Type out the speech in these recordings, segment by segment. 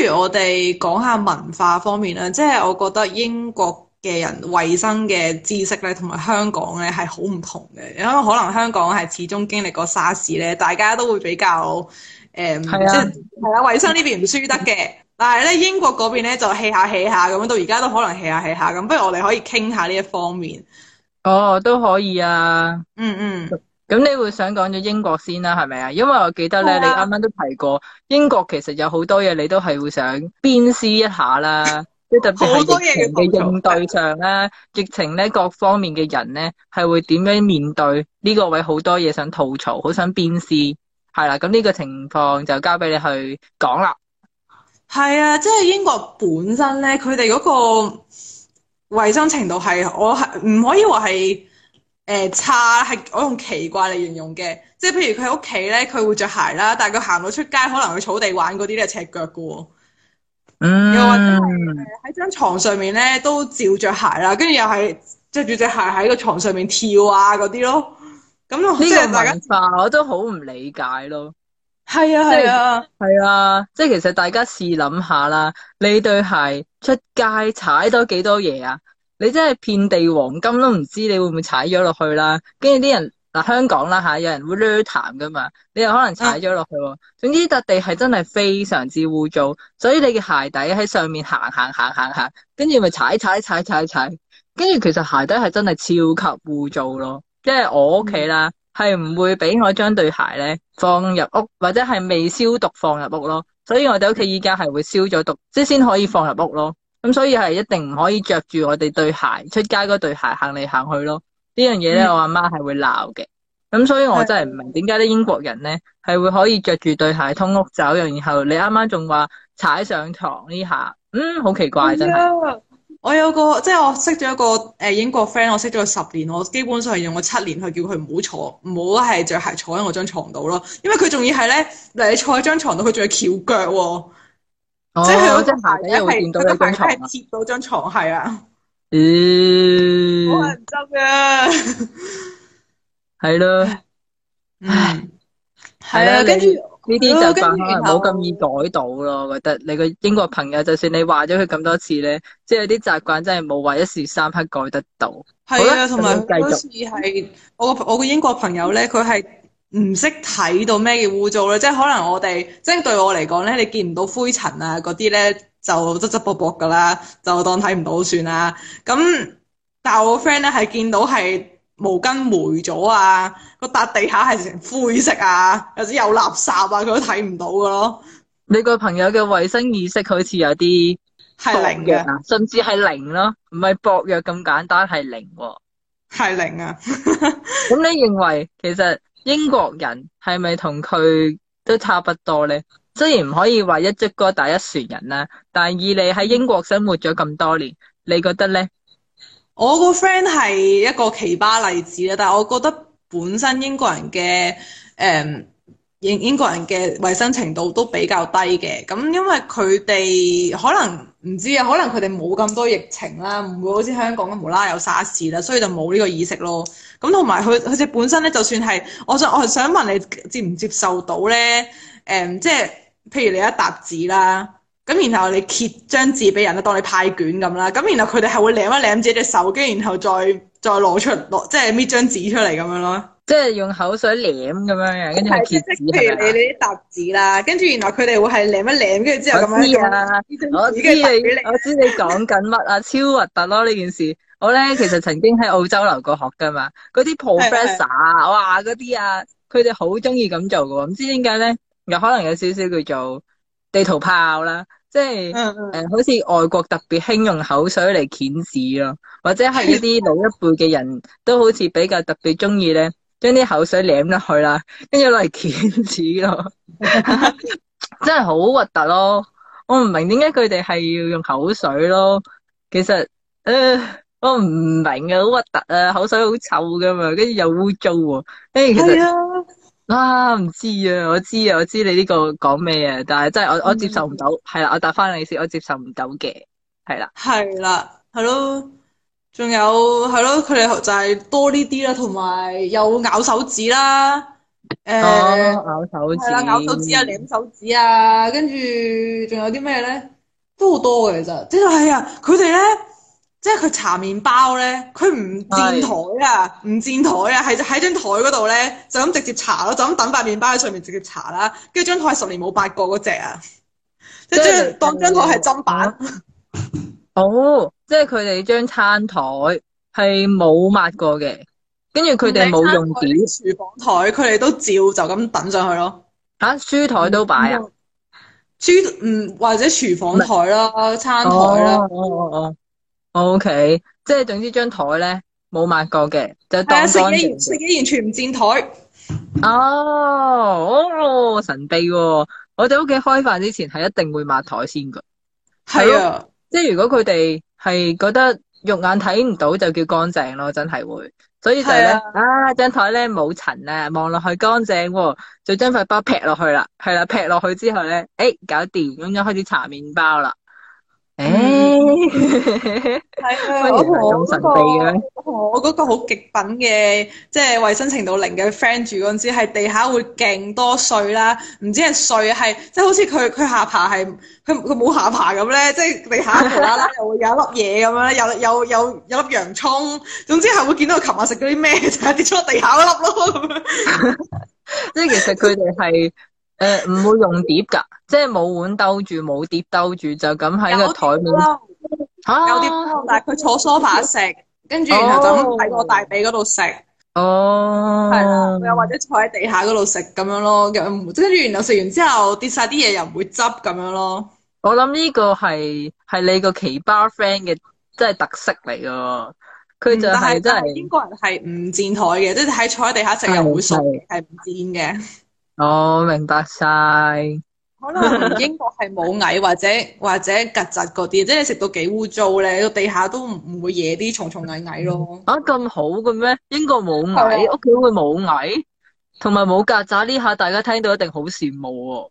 不如我哋講下文化方面啦，即係我覺得英國嘅人衛生嘅知識咧，同埋香港咧係好唔同嘅，因為可能香港係始終經歷過沙士咧，大家都會比較誒，係啊，係啊，即係啊，衛生呢邊唔輸得嘅、嗯，但係咧英國嗰邊咧就起下起下咁，到而家都可能起下起下咁，不如我哋可以傾下呢一方面，哦都可以啊，嗯嗯。咁你會想講咗英國先啦，係咪啊？因為我記得咧、啊，你啱啱都提過英國其實有好多嘢，你都係會想鞭屍一下啦，即係特別係疫情嘅應對上咧，疫情咧各方面嘅人咧係會點樣面對呢個位，好多嘢想吐槽，好想鞭屍，係啦、啊，咁呢個情況就交俾你去講啦。係啊，即係英國本身咧，佢哋嗰個衛生程度係我係唔可以話係。誒、呃、差係我用奇怪嚟形容嘅，即係譬如佢喺屋企咧，佢會着鞋啦，但係佢行到出街，可能去草地玩嗰啲咧，赤腳嘅喎。嗯。又或者喺張床上面咧，都照着鞋啦，跟住又係著住隻鞋喺個床上面跳啊嗰啲咯。咁咯，呢個文化，我都好唔理解咯。係啊係啊係啊，即係、啊啊啊啊、其實大家試諗下啦，你對鞋出街踩多幾多嘢啊？你真係遍地黃金都唔知，你會唔會踩咗落去啦？跟住啲人嗱香港啦嚇、啊，有人會彈痰㗎嘛，你又可能踩咗落去喎、啊。總之笪地係真係非常之污糟，所以你嘅鞋底喺上面行行行行行，跟住咪踩踩踩踩踩，跟住其實鞋底係真係超級污糟咯。即係我屋企啦，係唔會俾我將對鞋咧放入屋，或者係未消毒放入屋咯。所以我哋屋企依家係會消咗毒，即係先可以放入屋咯。咁、嗯、所以係一定唔可以着住我哋對鞋出街，嗰對鞋行嚟行去咯，呢樣嘢咧我阿媽係會鬧嘅。咁、嗯嗯、所以我真係唔明點解啲英國人咧係會可以着住對鞋通屋走，然後你啱啱仲話踩上床呢下，嗯好奇怪、嗯、真係。我有個即係我識咗一個誒英國 friend，我識咗十年，我基本上用我七年去叫佢唔好坐，唔好係着鞋坐喺我張床度咯，因為佢仲要係咧，你坐喺張床度，佢仲要翹腳喎、哦。哦、即係嗰隻台，隻又會見到張床係貼到張床，係啊，好 難執啊，係 咯，唉、嗯，係 啊，跟住呢啲習慣唔好咁易改到咯，我覺得你個英國朋友，就算你話咗佢咁多次咧，即係啲習慣真係冇話一時三刻改得到。係啊，我同埋嗰次係我我個英國朋友咧，佢係。唔識睇到咩嘅污糟咧，即係可能我哋，即係對我嚟講咧，你見唔到灰塵啊嗰啲咧，就質質薄薄噶啦，就當睇唔到算啦。咁但係我 friend 咧係見到係毛巾霉咗啊，個笪地下係成灰色啊，有啲有垃圾啊，佢都睇唔到噶咯。你個朋友嘅衛生意識好似有啲係零嘅，甚至係零咯，唔係薄弱咁簡單，係零。係零啊！咁 你認為其實？英國人係咪同佢都差不多呢？雖然唔可以話一竹篙打一船人啦，但以你喺英國生活咗咁多年，你覺得呢？我個 friend 係一個奇葩例子啦，但係我覺得本身英國人嘅誒。嗯英英國人嘅衞生程度都比較低嘅，咁因為佢哋可能唔知啊，可能佢哋冇咁多疫情啦，唔會好似香港咁無啦有沙士啦，所以就冇呢個意識咯。咁同埋佢佢哋本身咧，就算係，我想我係想問你接唔接受到咧？誒、嗯，即係譬如你一沓紙啦，咁然後你揭張紙俾人啦，當你派卷咁啦，咁然後佢哋係會舐一舐自己隻手機，跟住然後再再攞出攞即係搣張紙出嚟咁樣咯。即係用口水舐咁樣跟住係鉛字啦。譬如你你啲達字啦，跟住原來佢哋會係舐一舐，跟住之後咁樣我知你、啊、我知你講緊乜啊？ 超核突咯呢件事！我咧其實曾經喺澳洲留過學㗎嘛，嗰啲 professor 哇嗰啲啊，佢哋好中意咁做㗎喎。唔知點解咧？有可能有少少叫做地圖炮啦，即係、 呃、好似外國特別興用口水嚟鉛字咯，或者係一啲老一輩嘅人都好似比較特別中意咧。將啲口水舐落去啦，跟住攞嚟鉗紙咯， 真係好核突咯！我唔明點解佢哋係要用口水咯？其實誒、呃，我唔明啊，好核突啊，口水好臭噶嘛，跟住又污糟喎。誒、欸，其實啊，唔、啊、知道啊，我知啊，我知你呢個講咩啊，但係真係我我接受唔到，係啦，我答翻你先，我接受唔到嘅，係 啦，啊，係啦，係咯。仲有係咯，佢哋就係多呢啲啦，同埋有咬手指啦，誒、哦欸，咬手指，係啦，咬手指啊，舐手指啊，跟住仲有啲咩咧？都好多嘅其實，就是哎呀，即係啊，佢哋咧，即係佢搽麵包咧，佢唔墊台啊，唔墊台啊，係喺張台嗰度咧，就咁直接搽咯，就咁等塊麵包喺上面直接搽啦，跟住張台係十年冇八過嗰隻啊，即係當張台係砧板。哦。即係佢哋張餐台係冇抹過嘅，跟住佢哋冇用點廚房台，佢哋都照就咁抌上去咯。嚇，書台都擺啊？書，嗯，書嗯，或者廚房台啦，餐台啦。哦哦哦。OK，即係總之張台咧冇抹過嘅，就當乾淨。食幾食完全唔占台。哦，神秘喎、啊！我哋屋企開飯之前係一定會抹台先㗎。係啊，即係如果佢哋。係覺得肉眼睇唔到就叫乾淨咯，真係會，所以就咧、是、啊，張台咧冇塵啊，望落去乾淨喎，就將塊包劈落去啦，係啦，劈落去之後咧，誒、欸、搞掂，咁樣開始搽麵包啦。誒、欸，係 啊！我同我嗰、那個好極品嘅，即係衞生程度零嘅 friend 住嗰陣時，係地下會勁多碎啦，唔知係碎係，即係、就是、好似佢佢下巴係，佢佢冇下巴咁咧，即、就、係、是、地下無啦啦又會有一粒嘢咁樣，有有有有粒洋葱，總之係會見到佢琴日食咗啲咩，就跌咗落地下一粒咯咁樣。即 係 其實佢哋係。 誒、欸，唔會用碟噶， 即係冇碗兜住，冇碟兜住，就咁喺個台面吓、啊。有碟，但係佢坐梳化食，跟、哦、住然後就喺個大髀嗰度食。哦，係啊，又或者坐喺地下嗰度食咁樣咯，跟住然後食完之後，跌晒啲嘢又唔會執咁樣咯。我諗呢個係係你個奇葩 friend 嘅，即係特色嚟噶。佢就係、是、真係英國人係唔佔台嘅，即係喺坐喺地下食又好水，係唔佔嘅。我、哦、明白晒， 可能英國係冇蟻或者或者曱甴嗰啲，即係你食到幾污糟咧，個地下都唔會惹啲蟲蟲蟻蟻咯。啊，咁好嘅咩？英國冇蟻，屋企會冇蟻，同埋冇曱甴呢？下大家聽到一定好羨慕喎。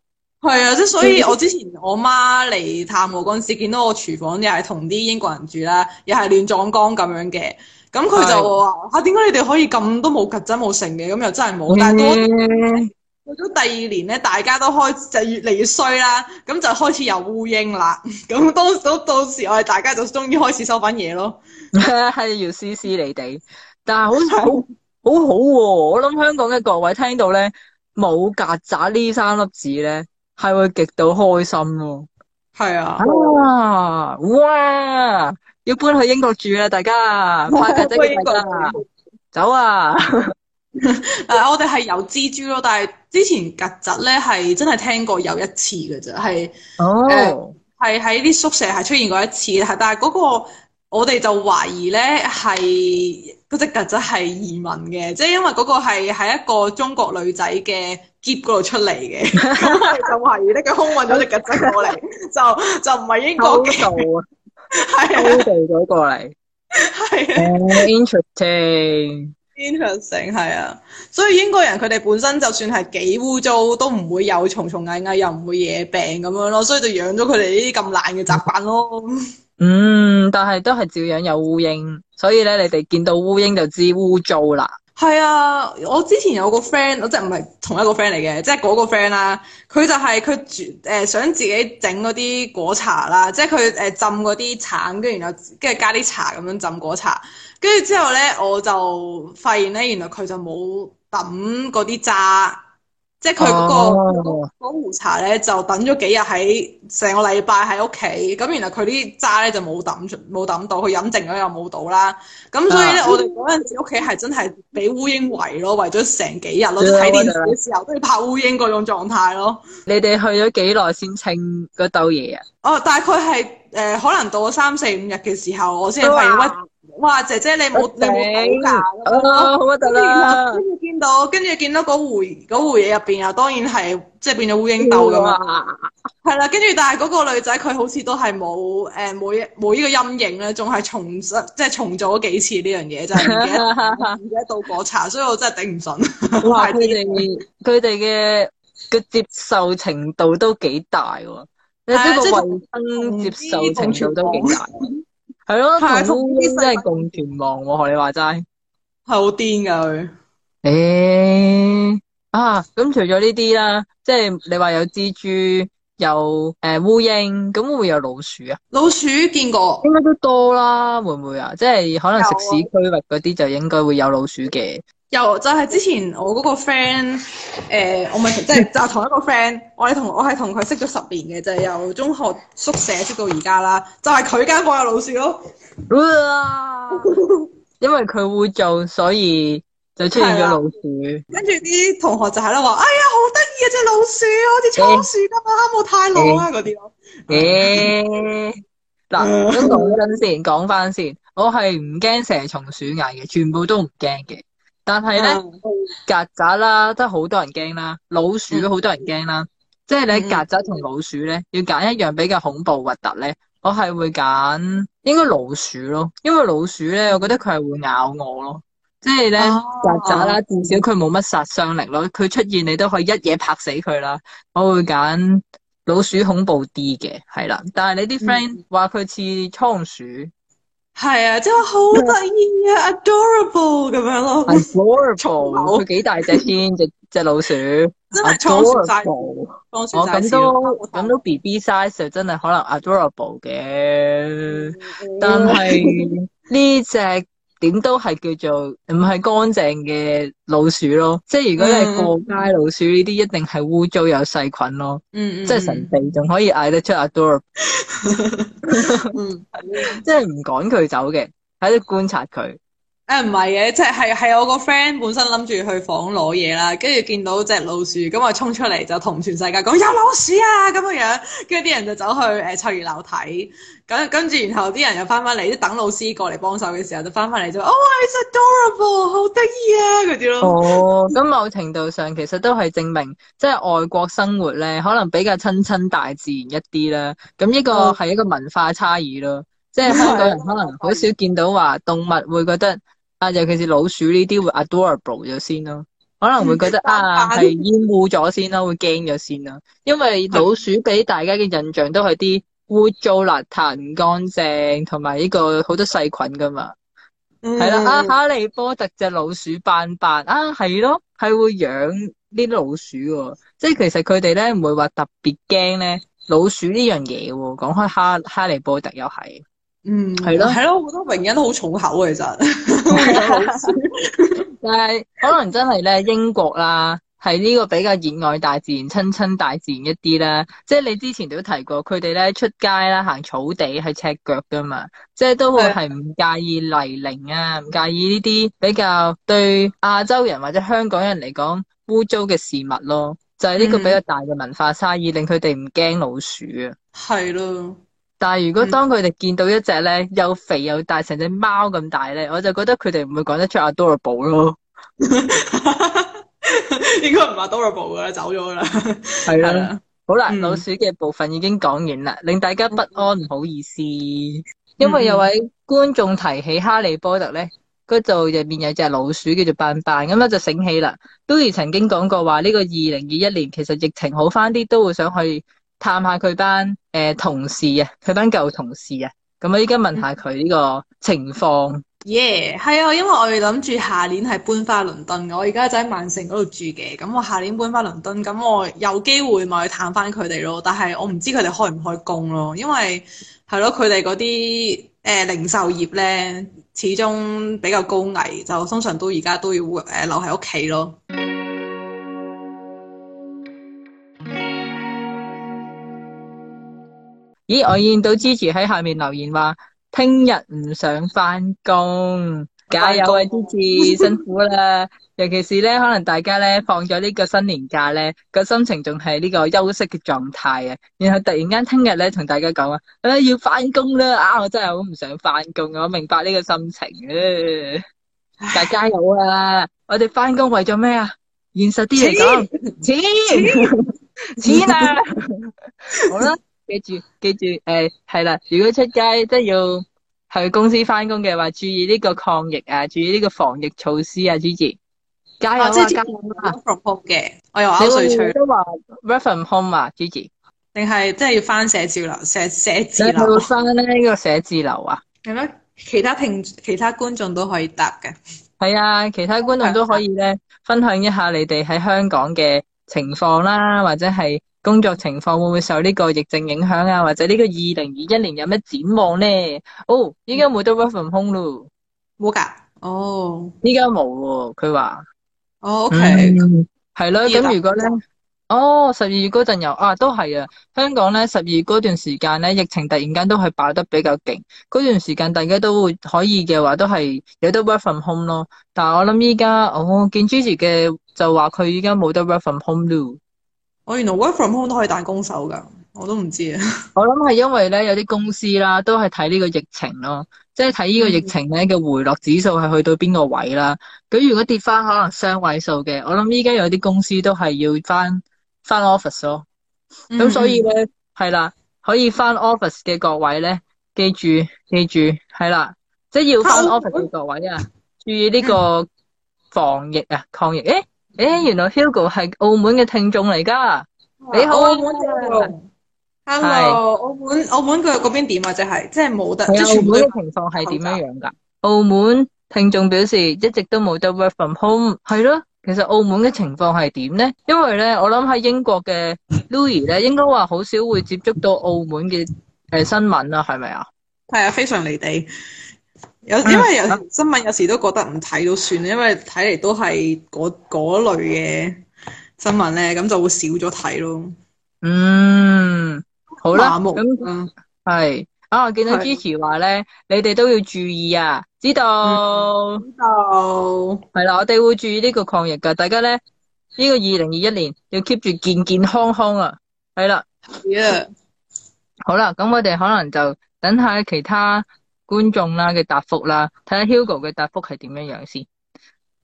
係 啊，即所以我之前我媽嚟探我嗰陣時，見到我廚房又係同啲英國人住啦，又係亂葬崗咁樣嘅。咁佢就話：啊點解你哋可以咁都冇曱甴冇剩嘅？咁又真係冇、嗯，但係到咗第二年咧，大家都開始就越嚟越衰啦，咁就開始有烏蠅啦。咁當到到時，到時我哋大家就終於開始收翻嘢咯。係 要 C C 你哋，但係好， 好好好好喎。我諗香港嘅各位聽到咧冇曱甴呢三粒字咧，係會極到開心咯、哦。係啊，啊！哇！要搬去英國住啦，大家快啲去英國啊！走啊！ 但是我哋係有蜘蛛咯，但係之前曱甴咧係真係聽過有一次嘅啫，係哦，係喺啲宿舍係出現過一次，係但係嗰個我哋就懷疑咧係嗰隻曱甴係移民嘅，即、就、係、是、因為嗰個係喺一個中國女仔嘅箧嗰度出嚟嘅， 就懷疑咧佢空運咗隻曱甴過嚟，就就唔係英國嘅，偷渡咗過嚟，係 啊、um,，interesting。經係啊，所以英國人佢哋本身就算係幾污糟，都唔會有蟲蟲蟻蟻蟻，又唔會惹病咁樣咯，所以就養咗佢哋呢啲咁爛嘅習慣咯。嗯，但係都係照樣有烏蠅，所以咧你哋見到烏蠅就知污糟啦。係啊，我之前有個 friend，我即係唔係同一個 friend 嚟嘅，即係嗰個 friend 啦、啊。佢就係佢誒想自己整嗰啲果茶啦，即係佢誒浸嗰啲橙，跟住然後跟住加啲茶咁樣浸果茶。跟住之後咧，我就發現咧，原來佢就冇抌嗰啲渣。即係佢嗰個嗰壺、oh. 茶咧，就等咗幾日喺成個禮拜喺屋企咁。原來佢啲渣咧就冇抌冇抌到，佢飲剩咗又冇倒啦。咁中文所以咧，我哋嗰陣時屋企係真係俾烏蠅圍咯，圍咗成幾日咯。睇電視嘅時候都要 拍烏蠅嗰種狀態咯。你哋去咗幾耐先清嗰兜嘢啊？哦，大概係、呃、可能到咗三四五日嘅時候，我先係屈。哇！姐姐你冇你冇好啊，好啊，得啦。跟住見到，跟住見到嗰回，嗰回嘢入邊又當然係即係變咗烏蠅豆咁啊！係啦，跟住但係嗰個女仔佢好似都係冇誒，冇呢個陰影咧，仲係重即係重做咗幾次呢樣嘢就係而家而家到嗰茶，所以我真係頂唔順。佢哋佢哋嘅嘅接受程度都幾大喎，呢、啊、個衛生、就是、接受程度都幾大。 係咯，真係共存亡喎，學你話齋，係好癲㗎佢。誒、欸、啊！咁除咗呢啲啦，即係你話有蜘蛛，有誒、呃、烏蠅，咁會唔會有老鼠啊？老鼠見過，應該都多啦，會唔會啊？即係可能食屎區域嗰啲就應該會有老鼠嘅。又就係之前我嗰個 friend，、呃、我咪即係就，是、就是同一個 friend，我係同我同佢識咗十年嘅，就係、是、由中學宿舍識到而家啦。就係佢間房有老鼠咯，因為佢會做，所以就出現咗老鼠。跟住啲同學就係啦話，哎呀，好得意啊！隻老鼠，好似倉鼠咁晚冇太老啊嗰啲咯。嗱、欸，咁講真先，講翻先，我係唔驚蛇蟲鼠蟻嘅，全部都唔驚嘅。但係咧，嗯、曱甴啦，都好多人驚啦；老鼠都好多人驚啦。嗯、即係你曱甴同老鼠咧，要揀一樣比較恐怖核突咧，我係會揀應該老鼠咯，因為老鼠咧，我覺得佢係會咬我咯。即係咧，啊、曱甴啦，至少佢冇乜殺傷力咯。佢出現你都可以一嘢拍死佢啦。我會揀老鼠恐怖啲嘅，係啦。但係你啲 friend 話佢似倉鼠。嗯係啊，真係好得意啊、嗯、adorable 咁樣咯。adorable 佢幾大隻先？隻、嗯、隻老鼠真係倉鼠仔。哦，咁都咁到 B B size 真係可能 adorable 嘅，嗯，但係呢隻。 點都係叫做唔係乾淨嘅老鼠咯，即係如果你係過街老鼠呢啲，嗯、這些一定係污糟有細菌咯。嗯，即係神秘仲可以嗌得出阿 Dorab 嗯，即係唔趕佢走嘅，喺度觀察佢。誒唔係嘅，即係係我個 friend 本身諗住去房攞嘢啦，跟住見到隻老鼠咁，我衝出嚟就同全世界講有老鼠啊咁樣，樣，跟住啲人就走去誒秋葉樓睇，咁跟住然後啲人又翻翻嚟，等老師過嚟幫手嘅時候，就翻翻嚟就話哦、oh，it's adorable，好得意啊嗰啲咯。哦，咁 某程度上其實都係證明，即係外國生活咧，可能比較親親大自然一啲啦。咁呢個係一個文化差異咯。哦，即係香港人可能好少見到話動物會覺得。啊，尤其是老鼠呢啲會 adorable 咗先咯，可能會覺得啊係厭惡咗先咯，會驚咗先啦，因為老鼠俾大家嘅印象都係啲污糟邋遢唔乾淨，同埋呢個好多細菌噶嘛。係、嗯、啦、啊，啊哈利波特隻老鼠斑斑啊，係咯，係會養啲老鼠喎，即係其實佢哋咧唔會話特別驚咧老鼠呢樣嘢。講開哈，哈利波特又係。嗯，係咯，係咯，我覺得榮好重口其實， 但係可能真係咧英國啦，係呢個比較熱愛大自然、親親大自然一啲啦。即係你之前都提過，佢哋咧出街啦行草地係赤腳噶嘛，即係都係唔介意泥濘啊，唔介意呢啲比較對亞洲人或者香港人嚟講污糟嘅事物咯。就係呢個比較大嘅文化差異，嗯，令佢哋唔驚老鼠啊。係咯。但係如果當佢哋見到一隻咧、嗯、又肥又大成隻貓咁大咧，我就覺得佢哋唔會講得出 adorable 咯， 應該唔話 adorable 嘅，走咗啦。係啦、啊，好啦，嗯、老鼠嘅部分已經講完啦，令大家不安，唔好意思、嗯，因為有位觀眾提起哈利波特咧，嗰度入面有隻老鼠叫做斑斑，咁咧就醒起啦。d o y 曾經講過話呢、這個二零二一年其實疫情好翻啲，都會想去。探下佢班誒同事啊，佢班舊同事啊，咁我依家問下佢呢個情況。耶，係啊，因為我哋諗住下年係搬翻倫敦嘅，我而家就喺曼城嗰度住嘅，咁我下年搬翻倫敦，咁我，我，我有機會咪去探翻佢哋咯。但係我唔知佢哋開唔開工咯，因為係咯，佢哋嗰啲誒零售業咧，始終比較高危，就通常都而家都要誒留喺屋企咯。咦，我見到支持喺下面留言話，聽日唔想翻工，加油啊，支持，Gigi，辛苦啦。 尤其是咧，可能大家咧放咗呢個新年假咧，個心情仲係呢個休息嘅狀態啊。然後突然間聽日咧同大家講啊，要翻工啦，啊，我真係好唔想翻工，我明白呢個心情 大家好啊，我哋翻工為咗咩啊？現實啲嚟講，錢，錢啊， 好啦。記住，記住，誒、呃，係啦，如果出街即係要去公司翻工嘅話，注意呢個抗疫啊，注意呢個防疫措施啊，Gigi。加油啦、啊啊！即係、啊啊啊啊啊，我 from home 嘅，我又 out 水出。都話 return home 啊，Gigi。定係即係要翻寫字樓、社寫，寫字樓。喺度分呢個寫字樓啊？係咩？其他聽，其他觀眾都可以答嘅。係啊，其他觀眾都可以咧、啊，分享一下你哋喺香港嘅情況啦，或者係。工作情況會唔會受呢個疫症影響啊？或者呢個二零二一年有咩展望咧？哦，依家冇得 work from home 咯，冇噶？哦，依家冇喎，佢話。哦，OK，係咯。咁、oh, okay. 嗯、如果咧，哦，十二月嗰陣又，啊，都係啊。香港咧，十二月嗰段時間咧，疫情突然間都係爆得比較勁。嗰段時間大家都會可以嘅話，都係有得 work from home 咯。但係我諗依家，我、哦、見 Gigi 嘅就話佢依家冇得 work from home 咯。我原來 work from home 都可以彈弓手㗎，我都唔知啊。我諗係因為咧，有啲公司啦，都係睇呢個疫情咯，即係睇呢個疫情咧嘅回落指數係去到邊個位啦。咁、嗯、如果跌翻可能雙位數嘅，我諗依家有啲公司都係要翻翻 office 咯。咁、嗯、所以咧係啦，可以翻 office 嘅各位咧，記住記住係啦，即係要翻 office 嘅各位啊，啊注意呢個防疫啊，抗疫、欸誒，原來 Hugo 係澳門嘅聽眾嚟噶，你好啊，澳門，Hello，澳門，澳門佢嗰邊點啊？即係，即係冇得，即係澳門嘅情況係點樣樣噶？澳門聽眾表示一直都冇得 work from home，係咯，其實澳門嘅情況係點咧？因為咧，我諗喺英國嘅 Louis 咧，應該話好少會接觸到澳門嘅誒、呃、新聞啊，係咪啊？係啊，非常離地。有，因為有新聞，有時都覺得唔睇都算、嗯、因為睇嚟都係嗰類嘅新聞咧，咁就會少咗睇咯。嗯，好啦，咁係、嗯、啊，我見到支持話咧，你哋都要注意啊，知道，嗯、知道，係啦，我哋會注意呢個抗疫㗎，大家咧呢、呢個二零二一年要 keep 住健健康康啊，係啦，yeah. 好啦，咁我哋可能就等下其他。觀眾啦嘅答覆啦，睇下 Hugo 嘅答覆係點樣樣先。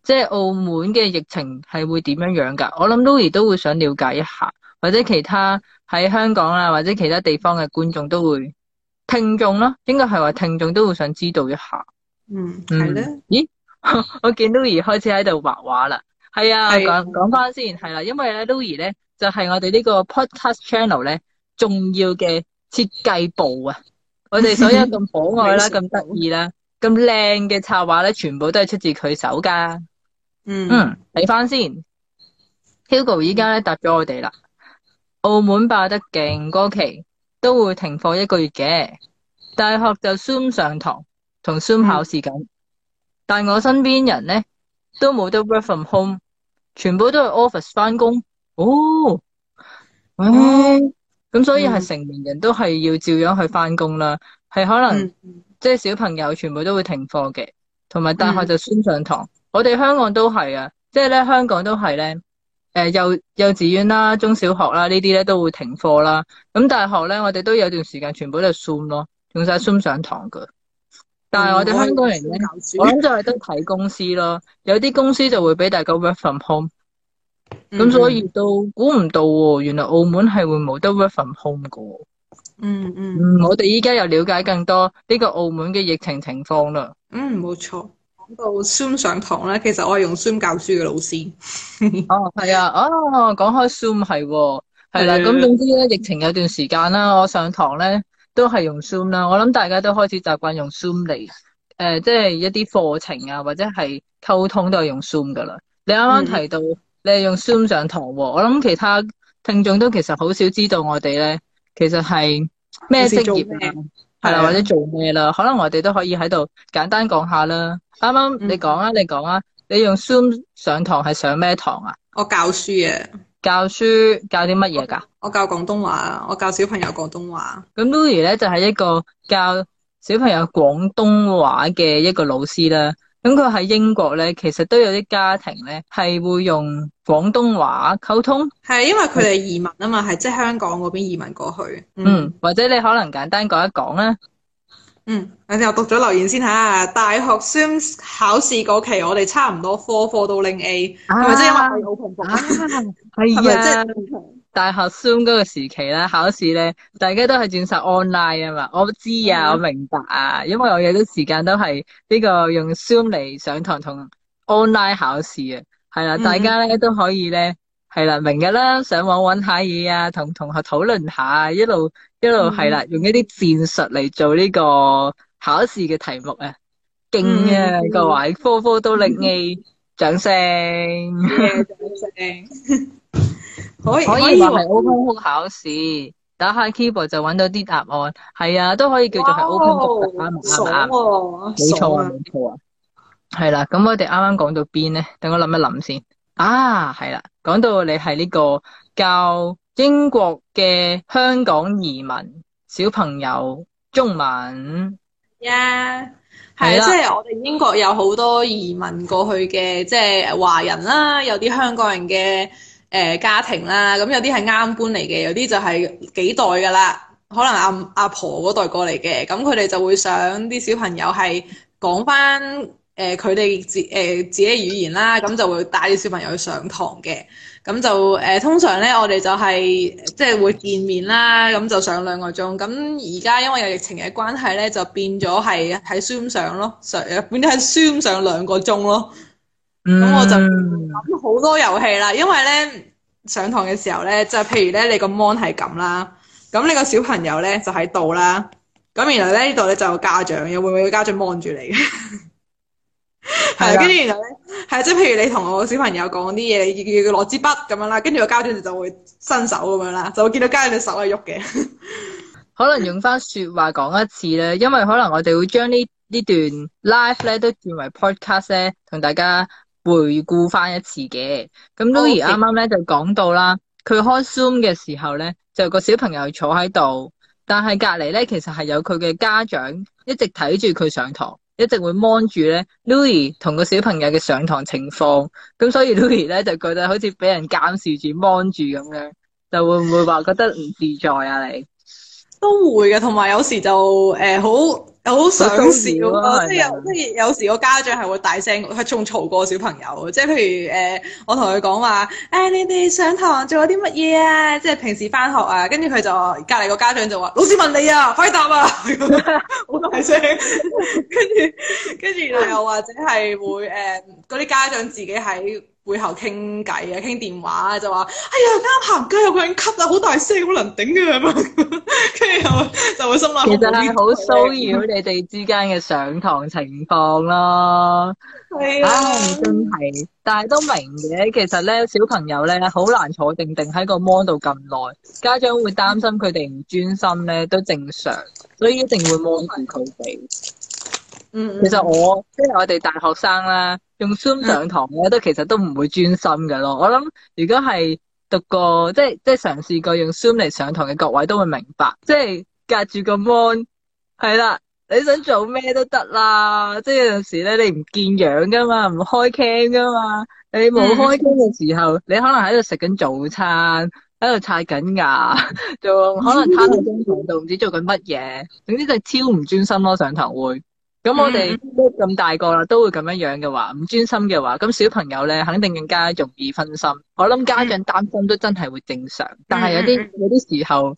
即係澳門嘅疫情係會點樣樣㗎？我諗 Lui 都會想了解一下，或者其他喺香港啊或者其他地方嘅觀眾都會聽眾咯，應該係話聽眾都會想知道一下。嗯，係、嗯、咧。咦，我，我見 Lui 開始喺度畫畫啦。係啊，講講返先，係啦、啊，因為咧 Lui 咧就係、是、我哋呢個 podcast channel 咧重要嘅設計部啊。 我哋所有咁可愛啦、咁得意啦、咁靚嘅插畫咧，全部都係出自佢手㗎。嗯，睇返先，Hugo 而家咧答咗我哋啦。澳門霸得勁，嗰期都會停課一個月嘅。大學就 Zoom 上堂同 Zoom 考試緊、嗯，但我身邊人咧都冇得 Work from Home，全部都係 Office 返工。哦，誒、哎。 咁所以係成年人都係要照樣去翻工啦，係、嗯、可能即係、嗯就是、小朋友全部都會停課嘅，同埋大學就 Zoom 上堂、嗯。我哋香港都係啊，即係咧香港都係咧，誒、呃、幼幼稚園啦、中小學啦呢啲咧都會停課啦。咁大學咧，我哋都有段時間全部都係 Zoom 咯，用晒 Zoom 上堂嘅。但係我哋香港人呢、嗯，我諗就係都睇公司咯，有啲公司就會俾大家 work from home。咁、mm -hmm. 所以都估唔到喎，原來澳門係會冇得 return home 個。嗯嗯。我哋依家又了解更多呢個澳門嘅疫情情況啦。嗯，冇錯。講到 Zoom 上堂咧，其實我係用 Zoom 教書嘅老師。哦，係啊，哦、啊啊，講開 Zoom 係喎、啊，係啦、啊。咁總之咧，疫情有段時間啦，我上堂咧都係用 Zoom 啦。我諗大家都開始習慣用 Zoom 嚟，即、呃、係、就是、一啲課程啊，或者係溝通都係用 Zoom 㗎啦。你啱啱提到。Mm -hmm. 你係用 Zoom 上堂喎，我諗其他聽眾都其實好少知道我哋咧，其實係咩職業啊，係啦，或者做咩啦，可能我哋都可以喺度簡單講下啦。啱啱你講啊，、嗯、啊，你講啊，你用 Zoom 上堂係上咩堂啊？我教書啊。教書教啲乜嘢㗎？我教廣東話啊，我教小朋友廣東話。咁 Lui 咧就係、是、一個教小朋友廣東話嘅一個老師啦。咁佢喺英國咧，其實都有啲家庭咧，係會用廣東話溝通。係因為佢哋移民啊嘛，係、嗯、即、係、香港嗰邊移民過去嗯。嗯，或者你可能簡單講一講啦。嗯，反正我讀咗留言先吓，大學 sums 考試嗰期，我哋差唔多科科都拎 A，係咪即係因為好幸福？係、啊、即 大學 zoom 嗰個時期咧，考試咧，大家都係轉曬 online 啊嘛，我知啊，我明白啊，因為我有啲時間都係呢個用 zoom 嚟上堂同 online 考試啊，係啦，大家咧都可以咧，係啦，明㗎啦，上網揾下嘢啊，同同學討論下啊，一路一路係啦，用一啲戰術嚟做呢個考試嘅題目啊，勁啊個話，科科都拎 A，掌聲，耶掌聲。可以話係 open book 考試，打下 keyboard 就揾到啲答案。係啊，都可以叫做係 open book 答案，冇錯、哦、啊，冇錯啊。係啦、啊，咁我哋啱啱講到邊咧？等我諗一諗先。啊，係啦、啊，講到你係呢、這個教英國嘅香港移民小朋友中文。係、yeah, 啊，係啦、啊，即係我哋英國有好多移民過去嘅，即係華人啦、啊，有啲香港人嘅。誒、呃、家庭啦，咁有啲係啱搬嚟嘅，有啲就係幾代噶啦，可能阿、啊、阿、啊、婆嗰代過嚟嘅，咁佢哋就會想啲小朋友係講翻誒佢哋自、呃、自己語言啦，咁就會帶啲小朋友去上堂嘅，咁就誒、呃、通常咧我哋就係即係會見面啦，咁就上兩個鐘，咁而家因為有疫情嘅關係咧，就變咗係喺 Zoom 上咯，上變咗喺 Zoom 上兩個鐘咯。咁、嗯、我就諗好多遊戲啦，因為咧上堂嘅時候咧，就係、譬如咧，你個 mon 係咁啦，咁你個小朋友咧就喺度啦，咁然後咧呢度咧就有家長，又會唔會個家長望住你？係跟住然後咧係即係譬如你同我小朋友講啲嘢，你要攞落支筆咁樣啦，跟住個家長就會伸手咁樣啦，就會見到家長隻手係喐嘅。 可能用翻說話講一次咧，因為可能我哋會將呢呢段 live 咧都轉為 podcast 咧，同大家。回顧翻一次嘅，咁 Lui 啱啱咧就講到啦，佢開 zoom 嘅時候咧，就有個小朋友坐喺度，但係隔離咧其實係有佢嘅家長一直睇住佢上堂，一直會望住咧 Lui 同個小朋友嘅上堂情況，咁所以 Lui 咧就覺得好似俾人監視住望住咁樣，就會唔會話覺得唔自在啊你？你都會嘅，同埋有時就誒好。呃好想笑。有、啊、即係有，是即係有時個家長係會大聲，係仲嘈過小朋友，即係譬如誒、呃，我同佢講話，誒、哎、你哋上堂做咗啲乜嘢啊？即係平時翻學啊，跟住佢就隔籬個家長就話， 老師問你啊，快答啊，好大聲，跟住跟住又或者係會誒，嗰、呃、啲家長自己喺。背後傾偈啊，傾電話啊，就話，哎呀，啱行街啊，佢響咳啊，好大聲，好難頂嘅咁。跟住係嘛，就會心諗，其實你好騷擾你哋之間嘅上堂情況咯。係、 哎、啊，真係，但係都明嘅。其實咧，小朋友咧，好難坐定定喺個 mon 度咁耐，家長會擔心佢哋唔專心咧，都正常，所以一定會望下佢哋。嗯，嗯，其實我即係我哋大學生咧。用 Zoom 上堂咧，都其實都唔會專心㗎咯。我諗如果係讀過，即係即係嘗試過用 Zoom 嚟上堂嘅各位都會明白，即係隔住個 mon 係啦，你想做咩都得啦。即係有陣時咧，你唔見樣㗎嘛，唔開 cam 㗎嘛，你冇開 cam 嘅時候，你可能喺度食緊早餐，喺度刷緊牙，仲可能趴喺中堂，仲唔知做緊乜嘢。總之就係超唔專心咯，上堂會。咁、嗯、我哋都咁大個啦，都會咁樣樣嘅話，唔專心嘅話，咁小朋友咧，肯定更加容易分心。我諗家長擔心都真係會正常，嗯、但係有啲有啲時候，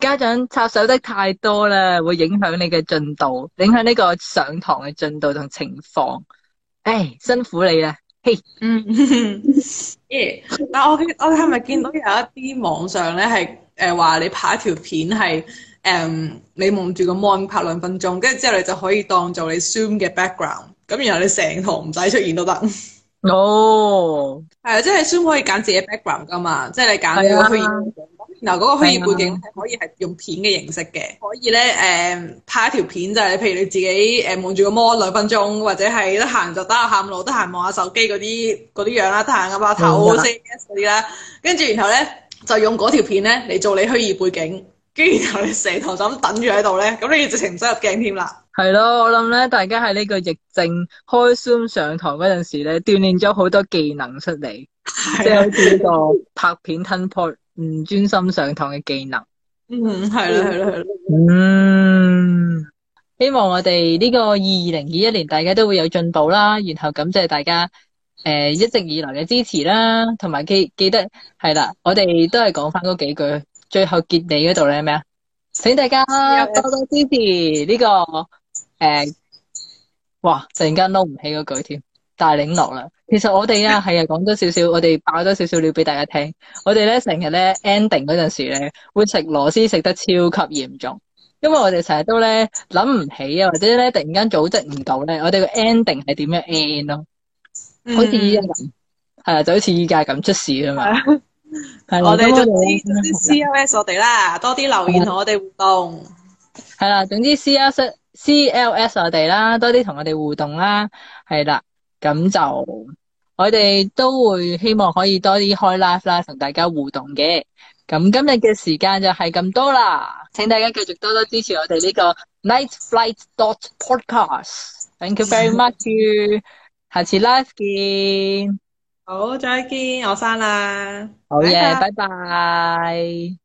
家長插手得太多啦，會影響你嘅進度，影響呢個上堂嘅進度同情況。唉、哎，辛苦你啦，嘿、hey。嗯。耶、嗯！但、嗯嗯嗯嗯嗯、我見我係咪見到有一啲網上咧係誒話你拍一條片係。誒、um，你望住個 mon 拍兩分鐘，跟住之後你就可以當做你 Zoom 嘅 background，咁然後你成圖唔使出現都得。哦，係啊，即係 Zoom 可以揀自己 background 㗎嘛，即、就、係、是、你揀個個虛擬背景，啊、然後嗰個虛擬背景係可以係用片嘅形式嘅、啊，可以咧誒、嗯、拍一條片就係，譬如你自己誒望住個 mon 兩分鐘，或者係得閒就得下喊路，得閒望下手機嗰啲嗰啲樣啦，得閒咁啊唞聲嗰啲啦，跟住然後咧就用嗰條片咧嚟做你虛擬背景。跟然後你成堂就咁等住喺度咧，咁你直情唔使入鏡添啦。係咯，我諗咧，大家喺呢個疫症開 Zoom 上堂嗰陣時咧，鍛鍊咗好多技能出嚟，即係好似呢個拍片吞泡唔專心上堂嘅技能。嗯，係啦，係啦，係啦。嗯，希望我哋呢個二零二一年大家都會有進步啦。然後感謝大家誒一直以來嘅支持啦，同埋記記得係啦，我哋都係講翻嗰幾句。最後結尾嗰度咧咩啊？請大家多多支持呢個誒，哇！突然間撈唔起嗰句添大領落啦。其實我哋啊係啊講咗少少，我哋爆咗少少料俾大家聽。我哋咧成日咧 ending 嗰陣時咧會食螺絲食得超級嚴重，因為我哋成日都咧諗唔起啊，或者咧突然間組織唔到咧，我哋個 ending 係點樣 end 咯？好似依家咁係啊，就好似依家咁出事啊嘛。我哋總之 COS 我哋啦，啦，多啲留言同我哋互動。係啦，總之 CLSCLS 我哋啦，多啲同我哋互動啦。係啦，咁就我哋都會希望可以多啲開 live 啦，同大家互動嘅。咁今日嘅時間就係咁多啦，請大家繼續多多支持我哋呢個 Night Flight Dot Podcast。Thank you very much. 下次 live 見。好，再見，我閃啦。好嘢，拜拜。拜拜拜拜。